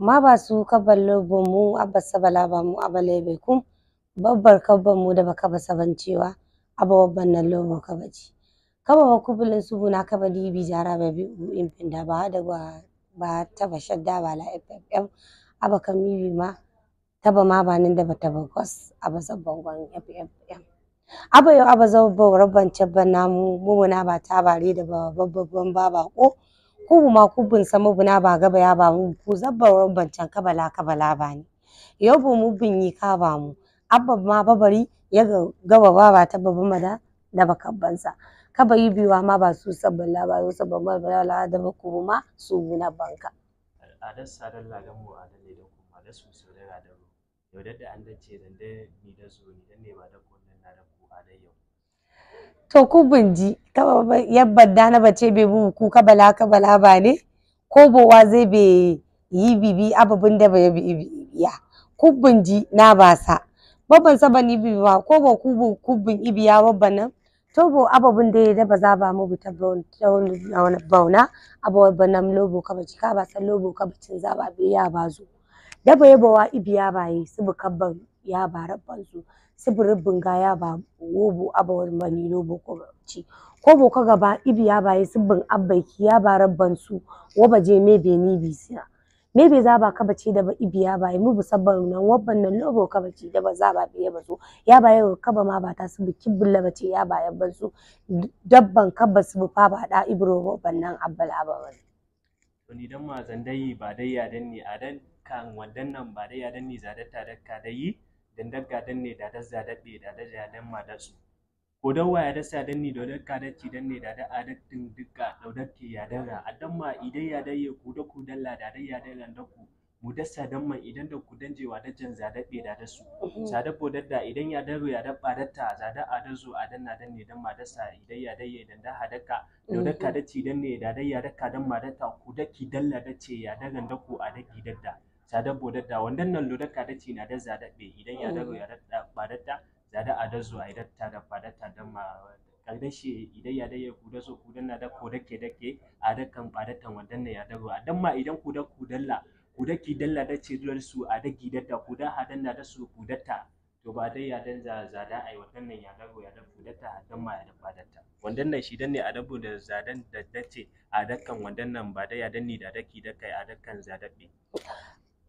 ma ba su kaballo bomu abba sabala ba mu abale bai ku. babbar kabban mu da baka ba sabancewa abba babban nan lobo kabaji kaba ba kubulin su buna kaba dibi jara ba bi in pinda ba da ba ba ta ba shadda ba la ma taba ma ba nan da ba taba kwas aba sabban gwan FFM aba yau abba zabban rabban cabban namu mu na ba tabare da babban ba ko kuhuma kubun samu buna ba gaba ya ba mu ku zabbar bancan kabala kabala ba ni yau bu mu bin yi ka ba mu abba ma babari ya gaba ba ba ta babban mada da bakabbansa kaba yi biwa ma ba su sabbin labaru sabbin la da bakuru ma su buna banka adas adalla ga mu adalle da kuma da su su da yau da an dace dan da ni da zo ni dan ne ba da kullun na da to ku binji da na bace bai bu kuka bala ka bala ba ne ko bowa zai bai yi bibi ababin da bai bi ya kubbin ji na basa babban saban bibi ba ko ba ku kubbin ibi ya babban nan to bo ababin da ya da ba za ba mu ta bauna ababban nan lobo ka baci ka ba san lobo ka bacin za ba biya ba zo da bai ibiya ibi ya baye su bu kabban ya bara banzu sibiri binga ya ba wobo aba wani no boko ci ko boko gaba ibi ya baye sibbin abbaiki ya bara bansu woba je me be ni bi sira me be za ba ka bace da ba ibi ya baye mu busabban nan wabban nan lobo kaba bace da ba za ba be ya zo ya baye ka ma ba ta sibbi kibbulla bace ya baye bansu dabban kaba ba sibbi fa ba da ibro wabban nan abbal ababan to ni dan ma ba dai ya danni dan kan wannan nan ba dai ya danni zadatta ka dai dendagga ne da dazza dabbe da daja dan madatsu ko dawwa ya dasa danni da dakka dan ne da da adattin dukka daudatti ya daga ma idan ya daye ku da ku dalla da dai ya dai da ku mu dasa damma idan da ku da jan zadabbe da dasu sadabbo uhuh. dadda idan ya daro ya dabba datta zada adazu adanna danne dan ne da ma madasa idan ya daye dan da hadaka daudakka dacci uhuh. danne da dai ya dakka dan madatta ku ki dalla dace ya dagan da ku adaki dadda zada bodadda wannan nan da ci na da zada be idan ya ya dadda zada adazzo a datta da dan ma shi idan ya so kudan na da kodakke a dakkan badattan wannan ya a dan ma idan kuda kudalla kudaki dalla da ce su a dagi dadda hadan da su kudatta to ba dai ya dan zada ai wannan nan ya dago ya da kudatta hadan ma ya da wannan nan shi dan ne a dabo da zadan da dace a dakkan wannan ba dai ya danni da daki a dakkan zadabe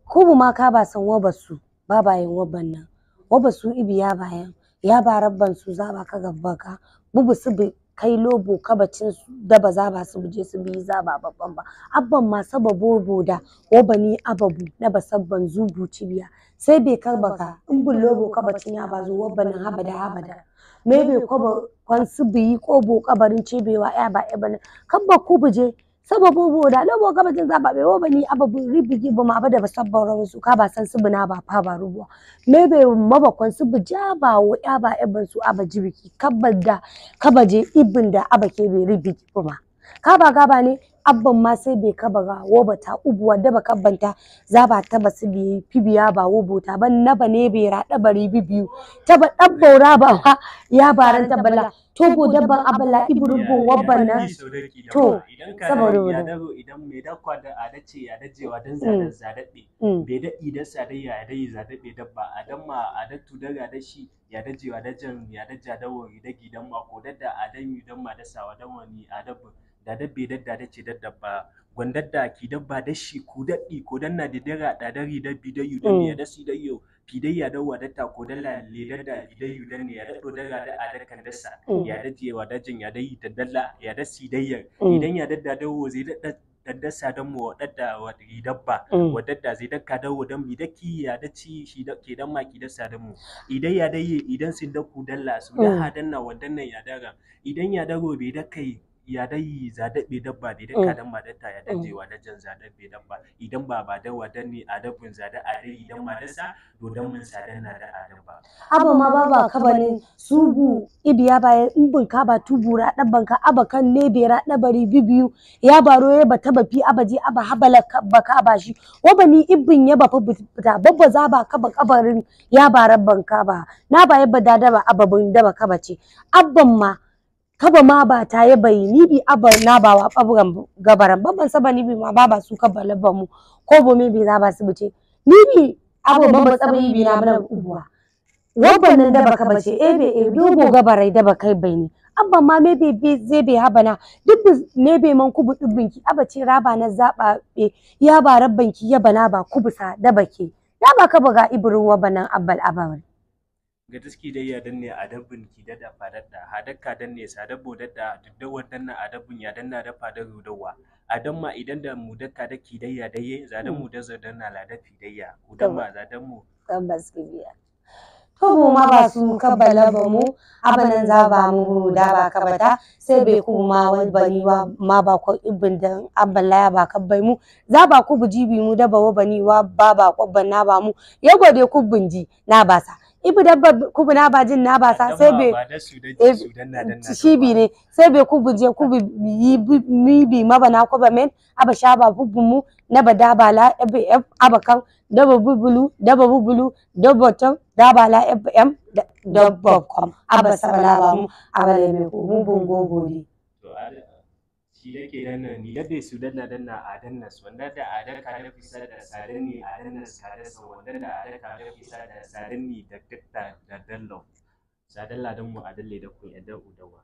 kubu ma ka ba san wabasu ba bayan waban nan wabasu ibi ya bayan ya ba rabban su za ba ka gabba ka bubu su bi kai lobo kabacin da ba za ba su buje su bi za ba babban ba abban ma sababo boda wabani ababu na ba sabban zubu cibiya sai bai karba ka in bun lobo kabacin ya ba zo wabanin habada habada me bai kwaba kwan su ko bo kabarin cibewa ya ba ya bana kabba ku buje sabo bobo da lobo ka zan zaba bewo woba ni ababu ribigi ma ba da sabba rawu su ka ba san su ba fa ba rubuwa me be mabakon su buja ba wa ya ba ibin su aba jibiki da kabaje ibin da aba ke be ribigi ka ba ka ne abban ma sai bai kaba ga woba ta ubuwa da ba kabbanta za ba ta su bi fibiya ba wobo ta ban na ba ne bai raɗa bari biyu ta ba ɗabbaura ba ya baran ta bala to go dabban abala iburugo wabban nan to saboda wani idan mai dakwa da adace ya dajewa dan zadan zadabe bai da idan sadayya ya dai zadabe dabba adan ma adattu daga da shi ya dajewa dajan ya dajja dawo gidan ma ko da adan yudan ma da sawa dan wani adabin da dabbe dadda da ce daddabba ki dabba shi ku daddi ko dan na da dari dabbi da yu si da mm. dasi da yu dawa da ta ko dalla le dadda da ne mm. ya daddo daga da da sa ya daje wa dajin ya dai dalla ya da dayya idan mm. ya dadda wo zai dadda sa dan mu wa da dabba dadda zai dakka da wo dan mi daki ya ci shi da ke dan maki sa da mu idan ya dai idan sun ku dalla su da hadanna wadannan ya dara idan ya dago bai kai. ya dai za daɓe dabba da idan kadan ma mm. ta ya mm. daje wa dajan za daɓe dabba idan ba ba da wadan ne a dabbin za da are idan ma dasa to dan mun sa na da a dabba abu ma ba ba kabalin subu ibiya ba in bun ka ba tubura dabban ka aba kan ne bera dabari bibiyu ya baro ya bata bafi abaje aba habala ba ka ba shi wa bani ibin ya ba fa babba za ba ka ba kabarin ya ba rabban ka ba na ba ya ba da daba da ba ka bace abban ma kaba ma ba ta ya bai ni bi aba na ba wa babran gabaran babban saba ni bi ma ba ba su kaba labban mu ko bo mi bi za ba su bice ni bi aba babban saba ni bi na mana ubuwa wabban nan da baka bace ebe eh e eh, dogo gabarai da baka bai ni abba ma me be be ze be haba na duk ne be man kubu dubbin ki aba ce raba na zaba be ya ba rabban ki ya bana ba kubusa da baki ya ba ka buga ibrin wabanan abbal abawan gataski dai ya danne a dabbin ki da da fadadda hadakka danne sa dabbo dadda duddawar danna a dabbin ya danna da fadar rudawa a ma idan da mu dakka da ki dayya dayye za da mu hmm. da zadanna la da fi dayya ku ma za dan mu tabbas kibiya to mu ma ba su kabbala ba mu abanan za ba mu da ba kabata sai bai ku ma wani bani wa ma ba ko ibin dan abbala ya ba kabbai mu za ba ku bujibi mu da ba wa bani wa ba ba kwabban na ba mu ya gode ku bunji na ba sa ibu dabba kubu na ba jin na ba sa sai be eh, shi bi ne sai be kubu je kubu yi mi bi ma bana kuba men aba sha ba bubu mu na ba daba la fm eh, eh, aba kan daba bubulu daba bubulu daba ton daba la fm daba kom aba sabala ba mu aba le me ku mu bungo gode shi da ke danna ni yadda su danna danna a danna su wanda da a da ka da fisa da sadan ni a danna ka da sa wanda da a da ka da fisa da sadan ni da dakta da dallo sadan ladan mu a dalle da kun yadda udawa